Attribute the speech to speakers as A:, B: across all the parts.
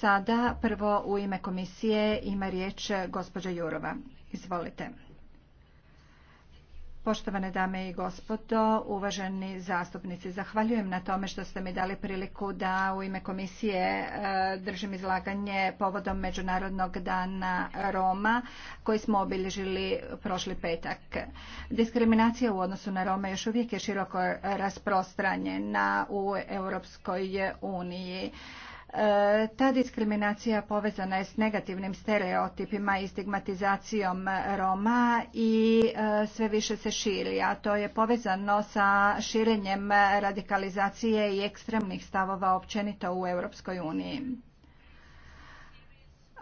A: Sada prvo u ime komisije ima riječ gospođa Jurova. Izvolite. Poštovane dame i gospodo, uvaženi zastupnici, zahvaljujem na tome što ste mi dali priliku da u ime komisije e, držim izlaganje povodom Međunarodnog dana Roma koji smo obilježili prošli petak. Diskriminacija u odnosu na Rome još uvijek je široko rasprostranjena u Europskoj uniji. E, ta diskriminacija povezana je s negativnim stereotipima i stigmatizacijom Roma i e, sve više se širi, a to je povezano sa širenjem radikalizacije i ekstremnih stavova općenito u Europskoj uniji.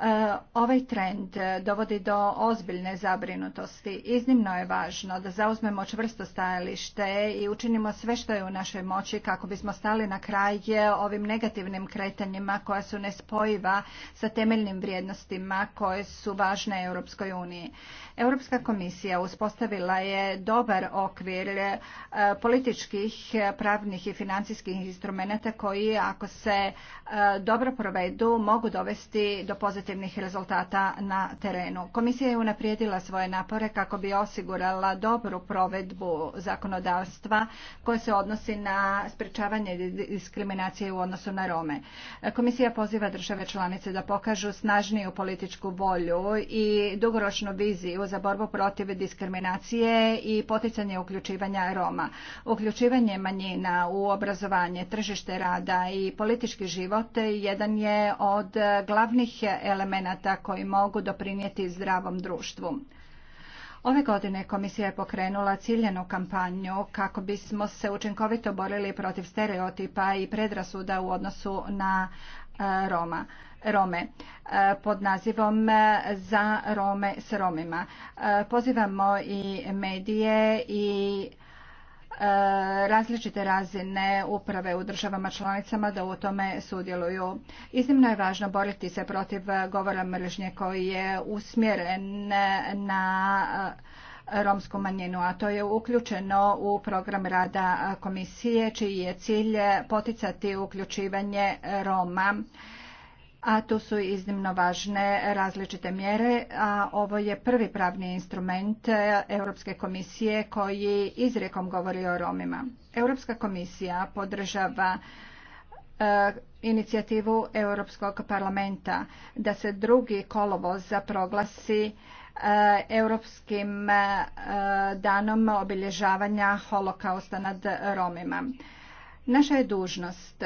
A: E, ovaj trend e, dovodi do ozbiljne zabrinutosti. Iznimno je važno da zauzmemo čvrsto stajalište i učinimo sve što je u našoj moći kako bismo stali na kraj ovim negativnim kretanjima koja su nespojiva sa temeljnim vrijednostima koje su važne Europskoj uniji. Europska komisija uspostavila je dobar okvir e, političkih, pravnih i financijskih instrumenata koji ako se dobro provedu mogu dovesti do pozitivnosti pozitivnih rezultata na terenu. Komisija je unaprijedila svoje napore kako bi osigurala dobru provedbu zakonodavstva koje se odnosi na sprečavanje diskriminacije u odnosu na Rome. Komisija poziva države članice da pokažu snažniju političku volju i dugoročnu viziju za borbu protiv diskriminacije i poticanje uključivanja Roma. Uključivanje manjina u obrazovanje, tržište rada i politički život jedan je od glavnih elemenata koji mogu doprinijeti zdravom društvu. Ove godine komisija je pokrenula ciljenu kampanju kako bismo se učinkovito borili protiv stereotipa i predrasuda u odnosu na e, Roma. Rome e, pod nazivom e, Za Rome s Romima. Pozivamo i medije i E, različite razine uprave u državama članicama da u tome sudjeluju. Iznimno je važno boriti se protiv govora mržnje koji je usmjeren na e, romsku manjinu, a to je uključeno u program rada komisije čiji je cilj poticati uključivanje Roma a tu su iznimno važne različite mjere, a ovo je prvi pravni instrument e, Europske komisije koji izrijekom govori o Romima. Europska komisija podržava e, inicijativu Europskog parlamenta da se drugi kolovoz proglasi e, Europskim danom obilježavanja holokausta nad Romima. Naša je dužnost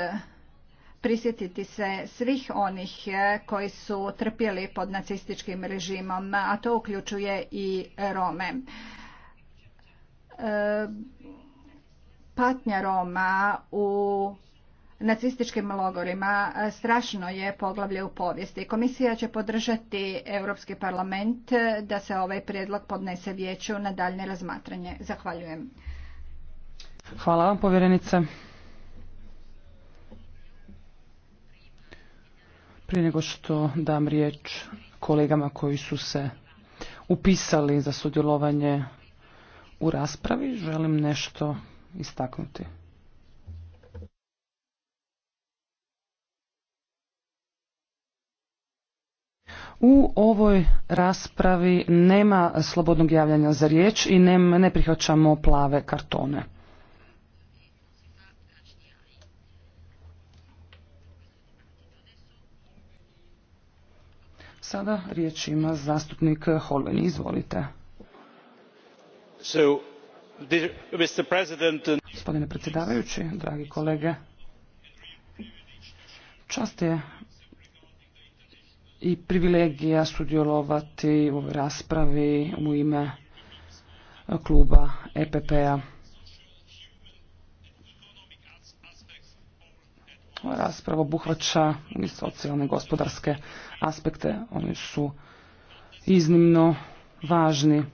A: prisjetiti se svih onih e, koji su trpjeli pod nacističkim režimom, a to uključuje i Rome. E, patnja Roma u nacističkim logorima e, strašno je poglavlje u povijesti. Komisija će podržati Europski parlament da se ovaj prijedlog podnese vijeću na daljnje razmatranje. Zahvaljujem.
B: Hvala vam povjerenice. Prije nego što dam riječ kolegama koji su se upisali za sudjelovanje u raspravi, želim nešto istaknuti. U ovoj raspravi nema slobodnog javljanja za riječ i ne, ne prihvaćamo plave kartone. Sada riječ ima zastupnik Holveni. Izvolite. Gospodine predsjedavajući, dragi kolege, čast je i privilegija sudjelovati u raspravi u ime kluba EPP-a. rasprava obuhvaća i socijalne i gospodarske aspekte. Oni su iznimno važni.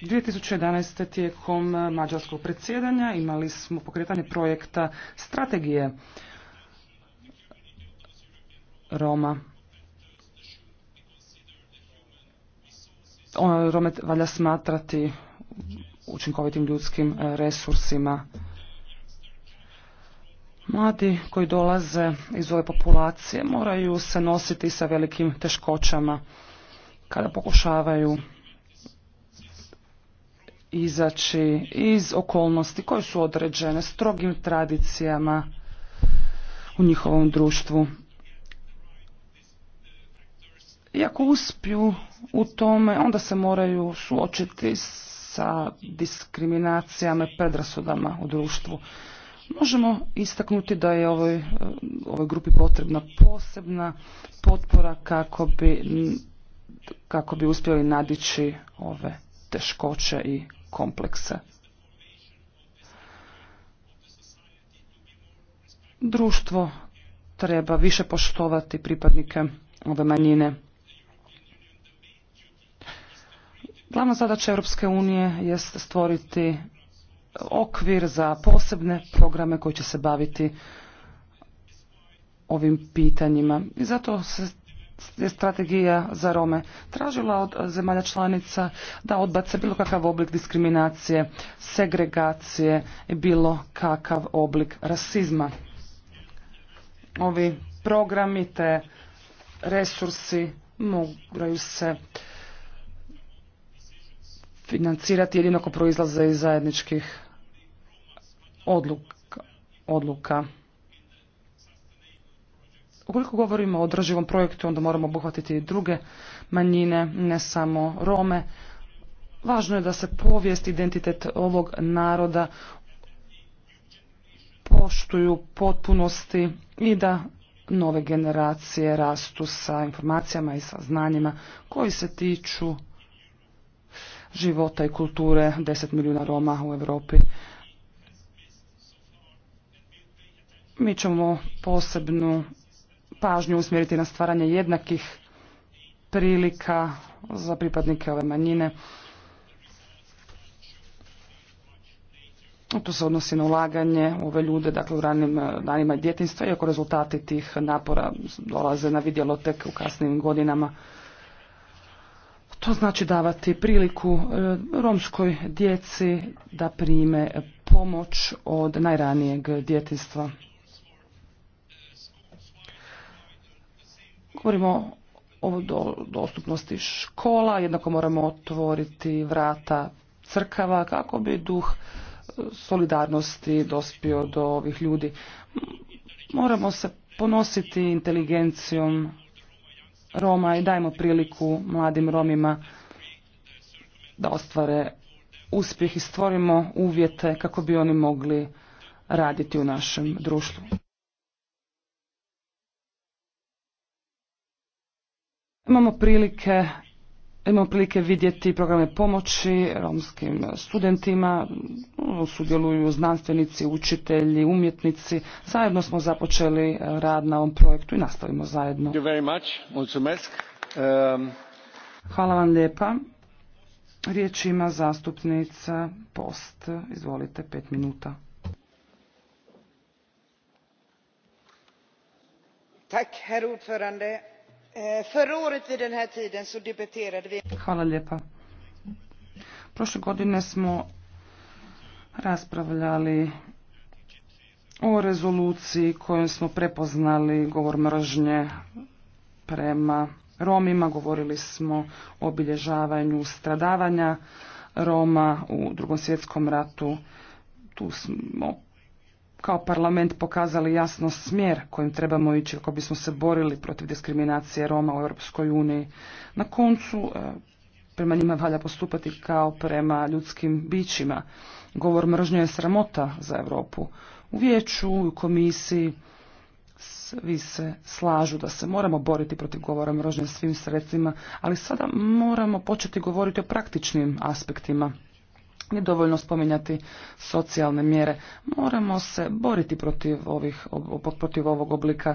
B: 2011. tijekom mađarskog predsjedanja imali smo pokretanje projekta strategije Roma. Rome valja smatrati učinkovitim ljudskim resursima Mladi koji dolaze iz ove populacije moraju se nositi sa velikim teškoćama kada pokušavaju izaći iz okolnosti koje su određene strogim tradicijama u njihovom društvu. I ako uspiju u tome, onda se moraju suočiti sa diskriminacijama i predrasudama u društvu. Možemo istaknuti da je ovoj, e, ovoj grupi potrebna posebna potpora kako bi, kako bi uspjeli nadići ove teškoće i komplekse. Društvo treba više poštovati pripadnike ove manjine. Glavna zadaća Europske unije jest stvoriti okvir za posebne programe koji će se baviti ovim pitanjima. I zato se je strategija za Rome tražila od zemalja članica da odbace bilo kakav oblik diskriminacije, segregacije i bilo kakav oblik rasizma. Ovi programi te resursi moraju se financirati jedino ako proizlaze iz zajedničkih odluka. Ukoliko govorimo o održivom projektu, onda moramo obuhvatiti i druge manjine, ne samo Rome. Važno je da se povijest, identitet ovog naroda poštuju potpunosti i da nove generacije rastu sa informacijama i sa znanjima koji se tiču života i kulture 10 milijuna Roma u Europi. Mi ćemo posebnu pažnju usmjeriti na stvaranje jednakih prilika za pripadnike ove manjine. To se odnosi na ulaganje u ove ljude, dakle u ranim eh, danima djetinstva, iako rezultati tih napora dolaze na vidjelo tek u kasnim godinama. To znači davati priliku eh, romskoj djeci da prime pomoć od najranijeg djetinstva. Govorimo o dostupnosti škola, jednako moramo otvoriti vrata crkava kako bi duh e, solidarnosti dospio do ovih ljudi. Moramo se ponositi inteligencijom Roma i dajmo priliku mladim Romima da ostvare uspjeh i stvorimo uvjete kako bi oni mogli raditi u našem društvu. Imamo prilike Imamo prilike vidjeti programe pomoći romskim studentima, ono, sudjeluju znanstvenici, učitelji, umjetnici. Zajedno smo započeli e, rad na ovom projektu i nastavimo zajedno.
C: Um,
B: Hvala vam lijepa. Riječ ima zastupnica Post. Izvolite, pet minuta.
A: Tak, Eh,
B: Hvala lijepa. Prošle godine smo raspravljali o rezoluciji kojom smo prepoznali govor mržnje prema Romima. Govorili smo o obilježavanju stradavanja Roma u drugom svjetskom ratu. Tu smo kao parlament pokazali jasno smjer kojim trebamo ići ako bismo se borili protiv diskriminacije Roma u Europskoj uniji. Na koncu e, prema njima valja postupati kao prema ljudskim bićima. Govor mržnje je sramota za Europu. U vijeću i u komisiji svi se slažu da se moramo boriti protiv govora mržnje svim sredstvima, ali sada moramo početi govoriti o praktičnim aspektima. Nije dovoljno spominjati socijalne mjere. Moramo se boriti protiv, ovih, ovog oblika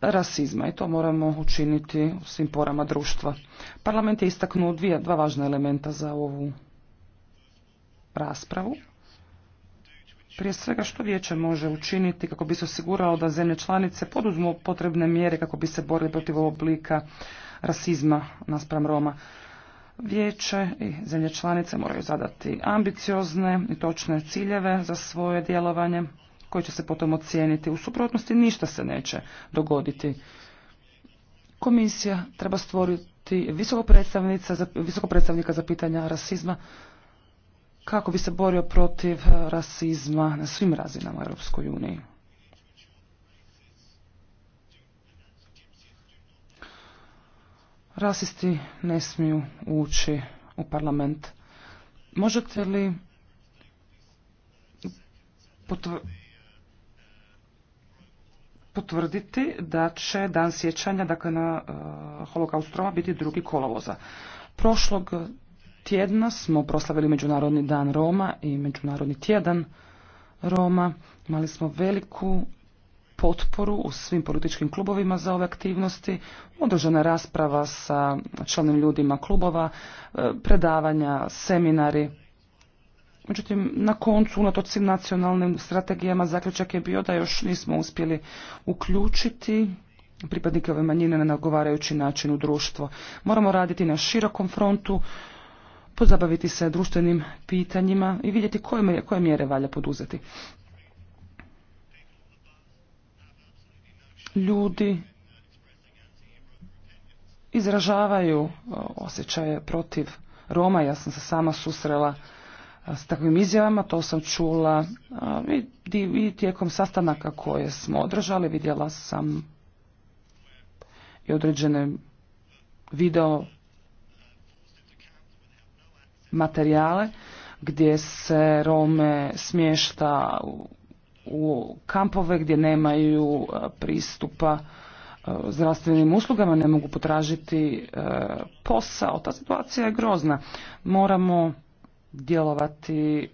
B: rasizma i to moramo učiniti u svim porama društva. Parlament je istaknuo dvije, dva važna elementa za ovu raspravu. Prije svega što vijeće može učiniti kako bi se osiguralo da zemlje članice poduzmu potrebne mjere kako bi se borili protiv oblika rasizma naspram Roma. Vijeće i zemlje članice moraju zadati ambiciozne i točne ciljeve za svoje djelovanje koji će se potom ocijeniti. U suprotnosti ništa se neće dogoditi. Komisija treba stvoriti visokog visoko predstavnika za pitanja rasizma kako bi se borio protiv rasizma na svim razinama u Europskoj uniji. Rasisti ne smiju ući u parlament. Možete li potvrditi da će dan sjećanja dakle, na e, Roma, biti drugi kolovoza. Prošlog tjedna smo proslavili Međunarodni dan Roma i Međunarodni tjedan Roma. Imali smo veliku potporu u svim političkim klubovima za ove aktivnosti, održana rasprava sa članim ljudima klubova, e, predavanja, seminari. Međutim, na koncu, unatoč svim nacionalnim strategijama, zaključak je bio da još nismo uspjeli uključiti pripadnike ove manjine na nagovarajući način u društvo. Moramo raditi na širokom frontu, pozabaviti se društvenim pitanjima i vidjeti koje, koje mjere valja poduzeti. ljudi izražavaju e, osjećaje protiv Roma. Ja sam se sama susrela e, s takvim izjavama, to sam čula e, i tijekom sastanaka koje smo održali, vidjela sam i određene video materijale gdje se Rome smješta u u kampove gdje nemaju e, pristupa e, zdravstvenim uslugama, ne mogu potražiti e, posao. Ta situacija je grozna. Moramo djelovati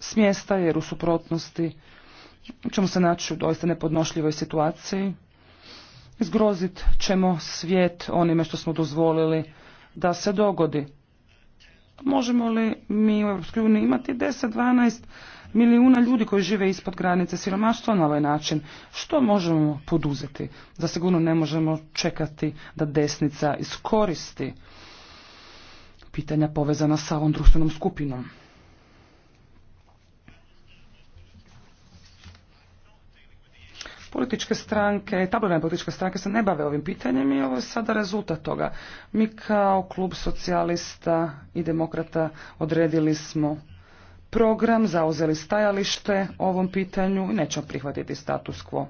B: s mjesta jer u suprotnosti ćemo se naći u doista nepodnošljivoj situaciji. Izgrozit ćemo svijet onime što smo dozvolili da se dogodi. Možemo li mi u EU imati 10-12 milijuna ljudi koji žive ispod granice siromaštva na ovaj način. Što možemo poduzeti? sigurno ne možemo čekati da desnica iskoristi pitanja povezana sa ovom društvenom skupinom. političke stranke, političke stranke se ne bave ovim pitanjem i ovo je sada rezultat toga. Mi kao klub socijalista i demokrata odredili smo program, zauzeli stajalište ovom pitanju i nećemo prihvatiti status quo.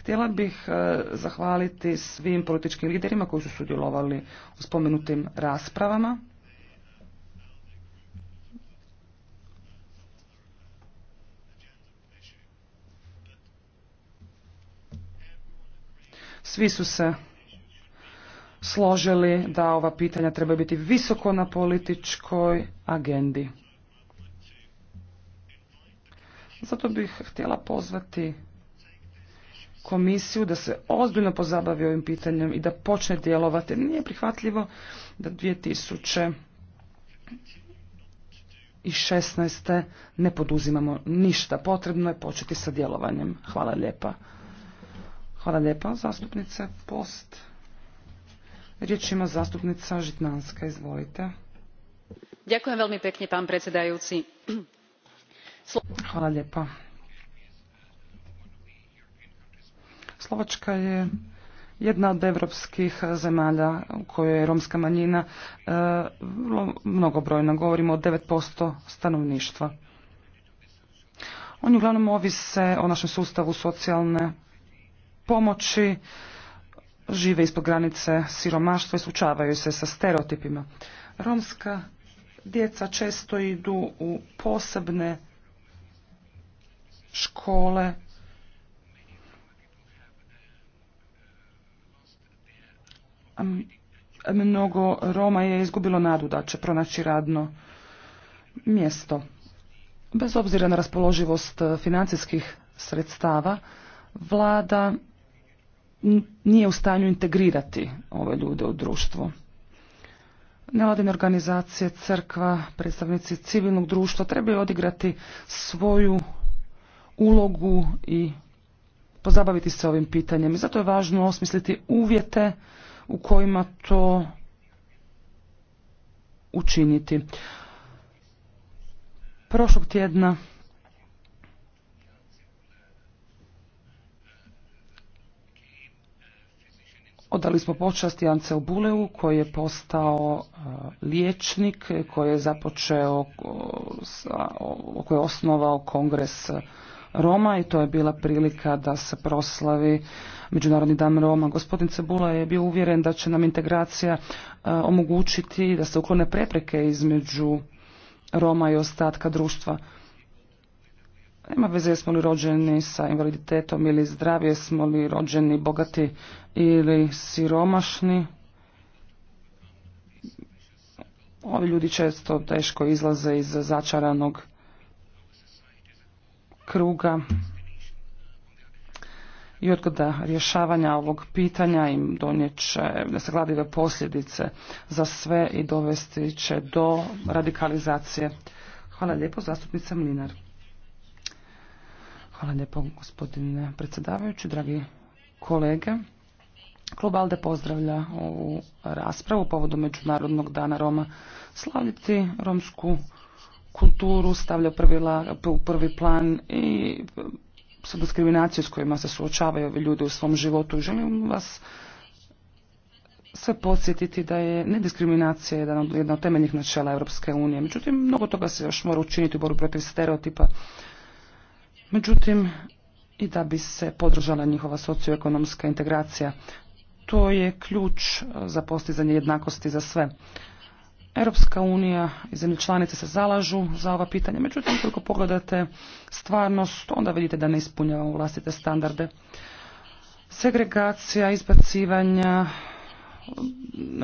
B: Htjela bih e, zahvaliti svim političkim liderima koji su sudjelovali u spomenutim raspravama. Svi su se složili da ova pitanja treba biti visoko na političkoj agendi. Zato bih htjela pozvati komisiju da se ozbiljno pozabavi ovim pitanjem i da počne djelovati. Nije prihvatljivo da 2016. ne poduzimamo ništa. Potrebno je početi sa djelovanjem. Hvala lijepa. Hvala lijepa, zastupnice Post. Riječ ima zastupnica Žitnanska, izvolite.
A: Ďakujem veľmi pekne, pán predsedajúci
B: Hvala lijepa. Slovačka je jedna od evropskih zemalja u kojoj je romska manjina e, mnogobrojna. Govorimo o 9% stanovništva. Oni uglavnom ovise o našem sustavu socijalne pomoći, žive ispod granice siromaštva i slučavaju se sa stereotipima. Romska djeca često idu u posebne škole. Mnogo Roma je izgubilo nadu da će pronaći radno mjesto. Bez obzira na raspoloživost e, financijskih sredstava, vlada nije u stanju integrirati ove ljude u društvo. Nevladine organizacije, crkva, predstavnici civilnog društva trebaju odigrati svoju ulogu i pozabaviti se ovim pitanjem. I zato je važno osmisliti uvjete u kojima to učiniti. Prošlog tjedna Odali smo počast Janceu Buleu koji je postao e, liječnik, koji je započeo, koji je osnovao kongres Roma i to je bila prilika da se proslavi Međunarodni dan Roma. Gospodin Cebula je bio uvjeren da će nam integracija e, omogućiti da se uklone prepreke između Roma i ostatka društva. Nema veze jesmo li rođeni sa invaliditetom ili zdravi, jesmo li rođeni bogati ili siromašni. Ovi ljudi često teško izlaze iz začaranog kruga i odgoda rješavanja ovog pitanja im donijet nesagladive posljedice za sve i dovesti će do radikalizacije. Hvala lijepo, zastupnica Mlinar. Hvala lijepo, gospodine predsjedavajući, dragi kolege. Klub ALDE pozdravlja ovu raspravu povodom Međunarodnog dana Roma. Slaviti romsku kulturu stavlja prvi u prvi plan i sa diskriminacijom s kojima se suočavaju ovi ljudi u svom životu. Želim vas sve podsjetiti da je nediskriminacija jedan od, jedna od temeljnih načela Europske unije. Međutim, mnogo toga se još mora učiniti u boru protiv stereotipa. Međutim, i da bi se podržala njihova socioekonomska integracija. To je ključ za postizanje jednakosti za sve. Europska unija i zemlje članice se zalažu za ova pitanja, međutim koliko pogledate stvarnost, onda vidite da ne ispunjavamo vlastite standarde. Segregacija, izbacivanja,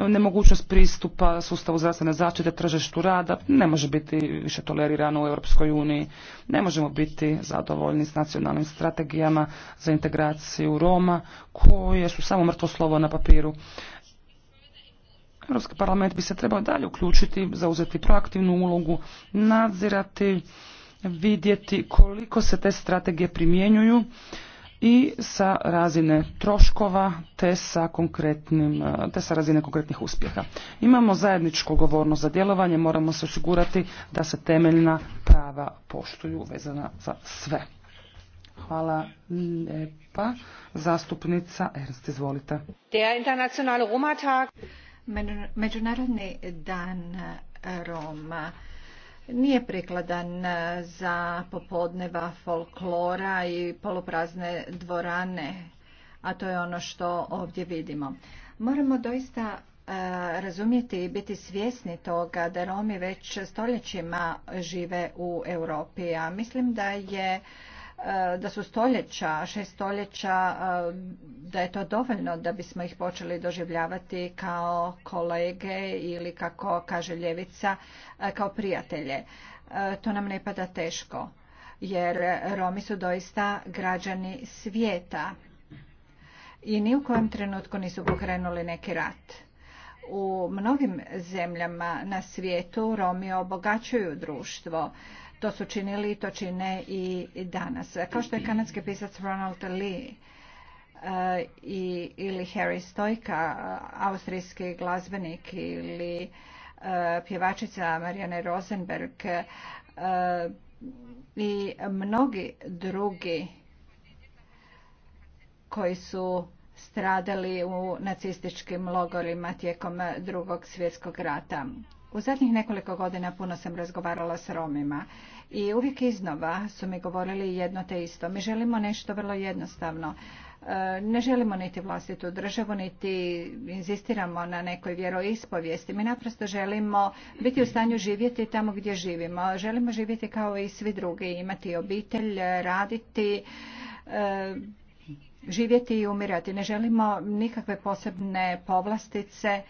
B: nemogućnost pristupa sustavu zdravstvene zaštite, tržištu rada ne može biti više tolerirano u Europskoj uniji. Ne možemo biti zadovoljni s nacionalnim strategijama za integraciju Roma koje su samo mrtvo slovo na papiru. Europski parlament bi se trebao dalje uključiti, zauzeti proaktivnu ulogu, nadzirati, vidjeti koliko se te strategije primjenjuju i sa razine troškova te sa, e, te sa razine konkretnih uspjeha. Imamo zajedničku govornost za djelovanje, moramo se osigurati da se temeljna prava poštuju vezana za sve. Hvala lijepa. Zastupnica Ernst, izvolite.
A: Der internationale Međunarodni dan eh, Roma nije prikladan eh, za popodneva folklora i poluprazne dvorane, a to je ono što ovdje vidimo. Moramo doista eh, razumjeti i biti svjesni toga da Romi već stoljećima žive u Europi, a mislim da je E, da su stoljeća, šest stoljeća, e, da je to dovoljno da bismo ih počeli doživljavati kao kolege ili kako kaže ljevica, e, kao prijatelje. To nam ne pada teško, jer Romi su doista građani svijeta i ni u kojem trenutku nisu pokrenuli neki rat. U mnogim zemljama na svijetu Romi obogaćuju društvo, to su činili i to čine i danas. Kao što je kanadski pisac Ronald Lee e, i, ili Harry Stojka, austrijski glazbenik ili e, pjevačica Marijane Rosenberg e, i mnogi drugi koji su stradali u nacističkim logorima tijekom drugog svjetskog rata. U zadnjih nekoliko godina puno sam razgovarala s Romima i uvijek iznova su mi govorili jedno te isto. Mi želimo nešto vrlo jednostavno. E, ne želimo niti vlastitu državu, niti inzistiramo na nekoj vjeroispovijesti. Mi naprosto želimo biti u stanju živjeti tamo gdje živimo. Želimo živjeti kao i svi drugi, imati obitelj, raditi, e, živjeti i umirati. Ne želimo nikakve posebne povlastice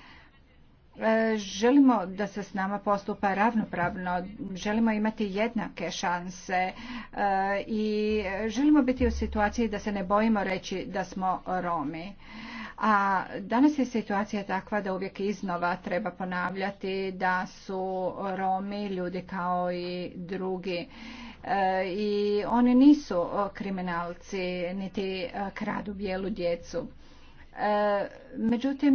A: E, želimo da se s nama postupa ravnopravno, želimo imati jednake šanse e, i želimo biti u situaciji da se ne bojimo reći da smo Romi. A danas je situacija takva da uvijek iznova treba ponavljati da su Romi ljudi kao i drugi e, i oni nisu kriminalci niti kradu bijelu djecu. Međutim,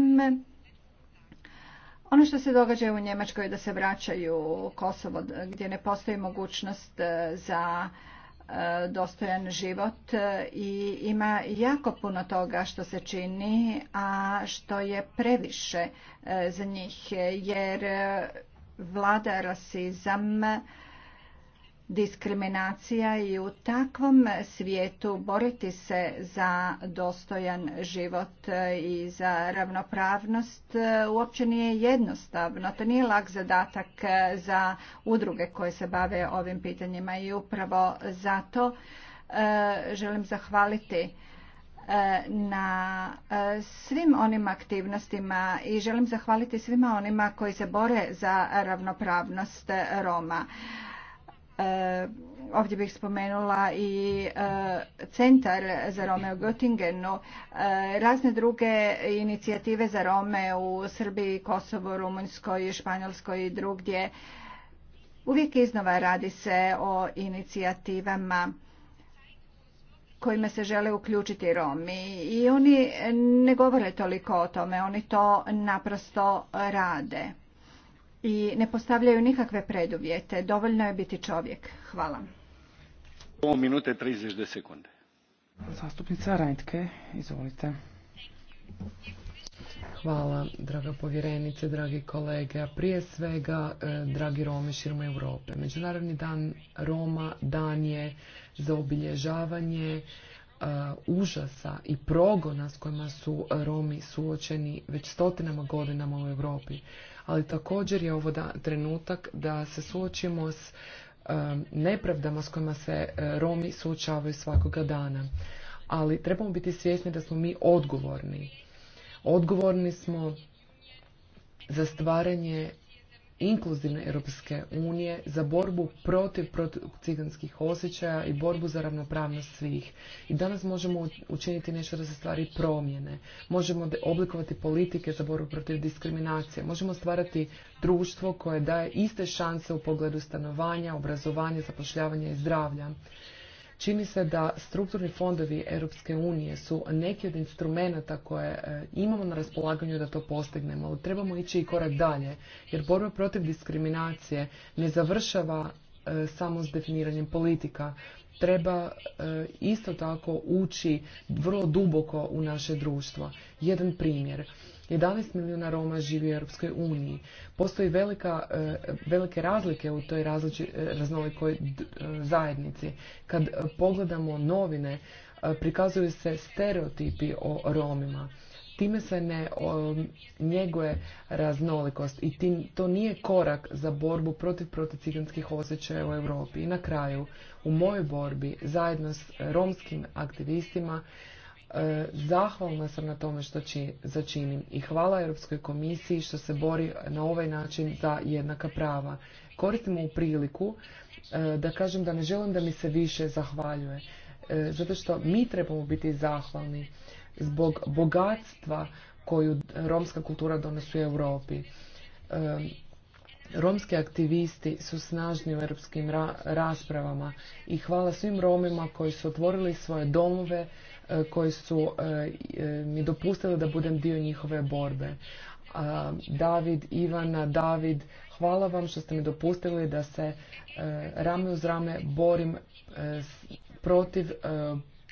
A: ono što se događa u Njemačkoj je da se vraćaju Kosovo gdje ne postoji mogućnost e, za e, dostojan život e, i ima jako puno toga što se čini, a što je previše za njih jer vlada rasizam diskriminacija i u takvom svijetu boriti se za dostojan život i za ravnopravnost e, uopće nije jednostavno. To nije lak zadatak e, za udruge koje se bave ovim pitanjima i upravo zato e, želim zahvaliti na svim onim aktivnostima i želim zahvaliti svima onima koji se bore za ravnopravnost Roma. Eh, ovdje bih spomenula i eh, centar za Rome u Göttingenu, eh, razne druge inicijative za Rome u Srbiji, Kosovo, Rumunjskoj, Španjolskoj i drugdje. Uvijek iznova radi se o inicijativama kojima se žele uključiti Romi i oni ne govore toliko o tome, oni to naprosto rade i ne postavljaju nikakve preduvjete. Dovoljno je biti čovjek.
B: Hvala.
C: minute izvolite. Hvala, draga povjerenice, dragi kolege. A prije svega, e, dragi Romi širom Europe. Međunarodni dan Roma dan je za obilježavanje e, užasa i progona s kojima su Romi suočeni već stotinama godinama u Europi ali također je ovo da, trenutak da se suočimo s nepravdama s kojima se e, Romi suočavaju svakoga dana. Ali trebamo biti svjesni da smo mi odgovorni. Odgovorni smo za stvaranje inkluzivne Europske unije za borbu protiv, protiv ciganskih osjećaja i borbu za ravnopravnost svih. I danas možemo učiniti nešto da se stvari promjene. Možemo oblikovati politike za borbu protiv diskriminacije. Možemo stvarati društvo koje daje iste šanse u pogledu stanovanja, obrazovanja, zapošljavanja i zdravlja. Čini se da strukturni fondovi Europske unije su neki od instrumenata koje e, imamo na raspolaganju da to postignemo, ali trebamo ići i korak dalje, jer borba protiv diskriminacije ne završava e, samo s definiranjem politika. Treba e, isto tako ući vrlo duboko u naše društvo. Jedan primjer 11 milijuna Roma živi u Europskoj uniji. Postoji velika, e, velike razlike u toj e, raznolikoj e, zajednici. Kad pogledamo novine, prikazuju se stereotipi o Romima. Time se ne njeguje raznolikost i to nije korak za borbu protiv proticiganskih osjećaja u Europi. I na kraju, u mojoj borbi, zajedno s romskim aktivistima, Zahvalna sam na tome što či, začinim i hvala Europskoj komisiji što se bori na ovaj način za jednaka prava. Koristim ovu priliku e, da kažem da ne želim da mi se više zahvaljuje. E, zato što mi trebamo biti zahvalni zbog bogatstva koju romska kultura donosi u Europi. E, romski aktivisti su snažni u europskim raspravama i hvala svim Romima koji su otvorili svoje domove, E, koji su e, e, mi dopustili da budem dio njihove borbe. David, Ivana, David, hvala vam što ste mi dopustili da se rame uz rame borim protiv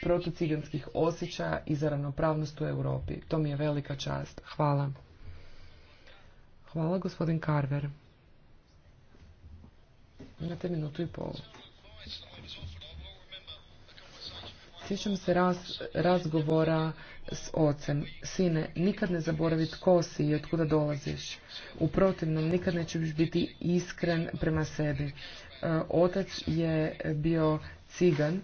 C: protociganskih osjećaja i za ravnopravnost u Europi. To mi je velika čast. Hvala. Hvala, gospodin Carver. Imate minutu i pol. Sjećam se raz, razgovora s ocem. Sine, nikad ne zaboravi tko si i otkuda dolaziš. U protivnom, nikad nećeš biti iskren prema sebi. E, otac je bio cigan,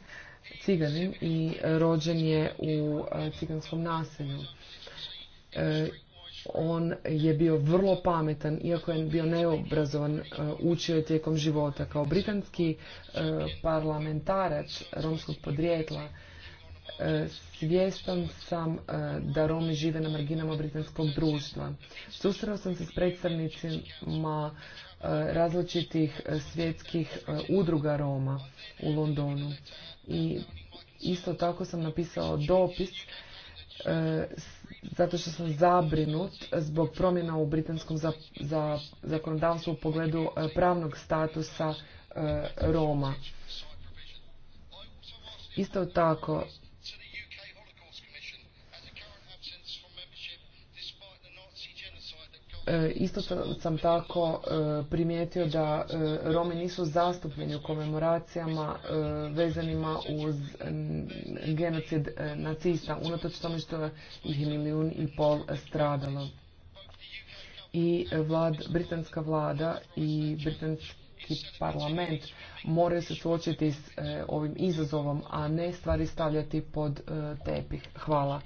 C: ciganin i rođen je u e, ciganskom naselju. E, on je bio vrlo pametan, iako je bio neobrazovan, učio je tijekom života. Kao britanski parlamentarac romskog podrijetla, Svjestan sam e, da Romi žive na marginama britanskog društva. Susreo sam se s predstavnicima e, različitih e, svjetskih udruga Roma u Londonu. I isto tako sam napisao dopis zato što sam zabrinut zbog promjena u britanskom zakonodavstvu u pogledu pravnog statusa Roma. Isto tako E, isto sam tako e, primijetio da e, Romi nisu zastupljeni u komemoracijama vezanima uz genocid nacista, unatoč tome što ih je milijun i pol stradalo. I vlad, britanska vlada i britanski parlament moraju se suočiti s ovim izazovom, a ne stvari stavljati pod tepih. Hvala.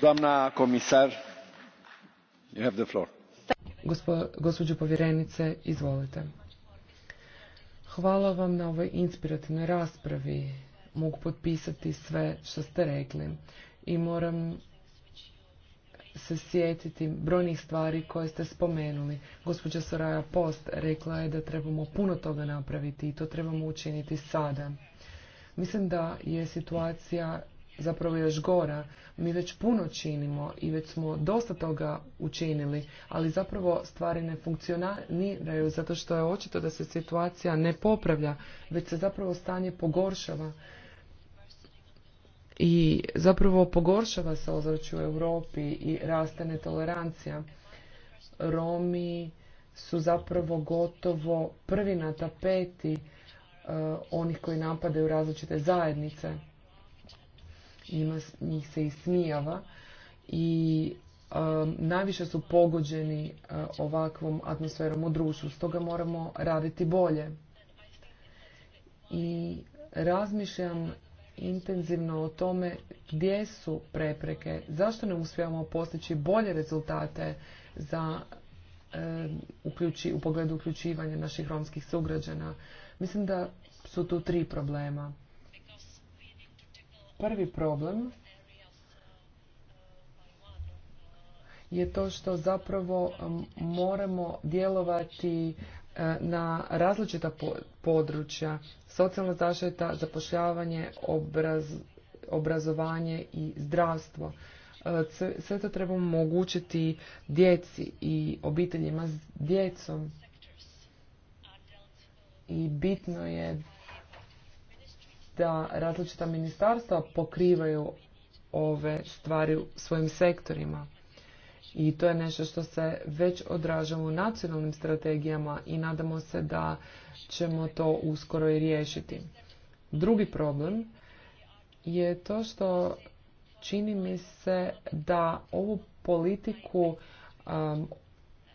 C: Domna komisar, you have the floor gospođo povjerenice, izvolite. Hvala vam na ovoj inspirativnoj raspravi. Mogu potpisati sve što ste rekli i moram se sjetiti brojnih stvari koje ste spomenuli. Gospođa Soraja Post rekla je da trebamo puno toga napraviti i to trebamo učiniti sada. Mislim da je situacija zapravo još gora. Mi već puno činimo i već smo dosta toga učinili, ali zapravo stvari ne funkcioniraju zato što je očito da se situacija ne popravlja, već se zapravo stanje pogoršava. I zapravo pogoršava se ozračje u Europi i raste netolerancija. Romi su zapravo gotovo prvi na tapeti eh, onih koji napadaju različite zajednice njima, njih se ismijava i um, najviše su pogođeni uh, ovakvom atmosferom u društvu. Stoga moramo raditi bolje. I razmišljam intenzivno o tome gdje su prepreke, zašto ne uspijemo postići bolje rezultate za um, u pogledu uključivanja naših romskih sugrađana. Mislim da su tu tri problema. Prvi problem je to što zapravo moramo djelovati e, na različita područja, socijalna zaštita, zapošljavanje, obraz, obrazovanje i zdravstvo. E, sve to trebamo omogućiti djeci i obiteljima s djecom. I bitno je da različita ministarstva pokrivaju ove stvari u svojim sektorima. I to je nešto što se već odražava u nacionalnim strategijama i nadamo se da ćemo to uskoro i riješiti. Drugi problem je to što čini mi se da ovu politiku um,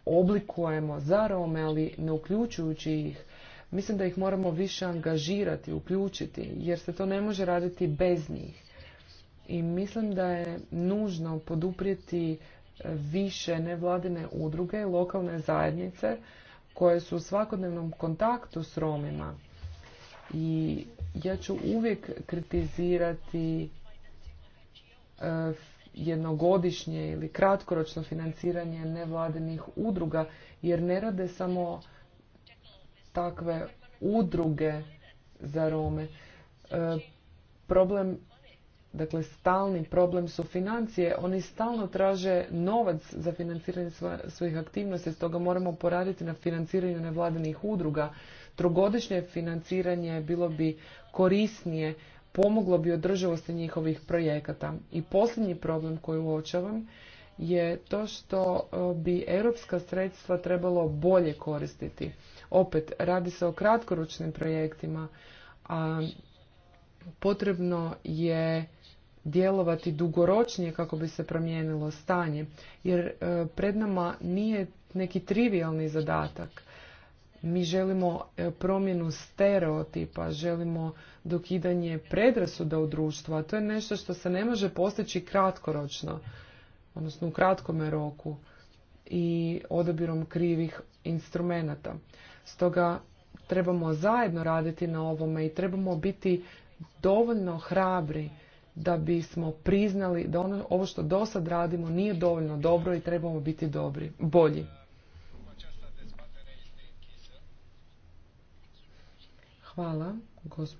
C: oblikujemo za Rome, ali ne uključujući ih Mislim da ih moramo više angažirati, uključiti, jer se to ne može raditi bez njih. I mislim da je nužno poduprijeti e, više nevladine udruge, lokalne zajednice koje su u svakodnevnom kontaktu s Romima. I ja ću uvijek kritizirati e, jednogodišnje ili kratkoročno financiranje nevladinih udruga jer ne rade samo takve udruge za Rome. E, problem, dakle stalni problem su financije. Oni stalno traže novac za financiranje svojih aktivnosti, stoga moramo poraditi na financiranju nevladinih udruga. Trogodišnje financiranje bilo bi korisnije, pomoglo bi održivosti njihovih projekata. I posljednji problem koji uočavam je to što e, bi europska sredstva trebalo bolje koristiti. Opet, radi se o kratkoročnim projektima, a potrebno je djelovati dugoročnije kako bi se promijenilo stanje, jer e, pred nama nije neki trivialni zadatak. Mi želimo e, promjenu stereotipa, želimo dokidanje predrasuda u društvu, a to je nešto što se ne može postići kratkoročno, odnosno u kratkome roku i odabirom krivih instrumenata. Stoga trebamo zajedno raditi na ovome i trebamo biti dovoljno hrabri da bismo priznali da ono, ovo što do sad radimo nije dovoljno dobro i trebamo biti dobri, bolji. Hvala,
B: gospod.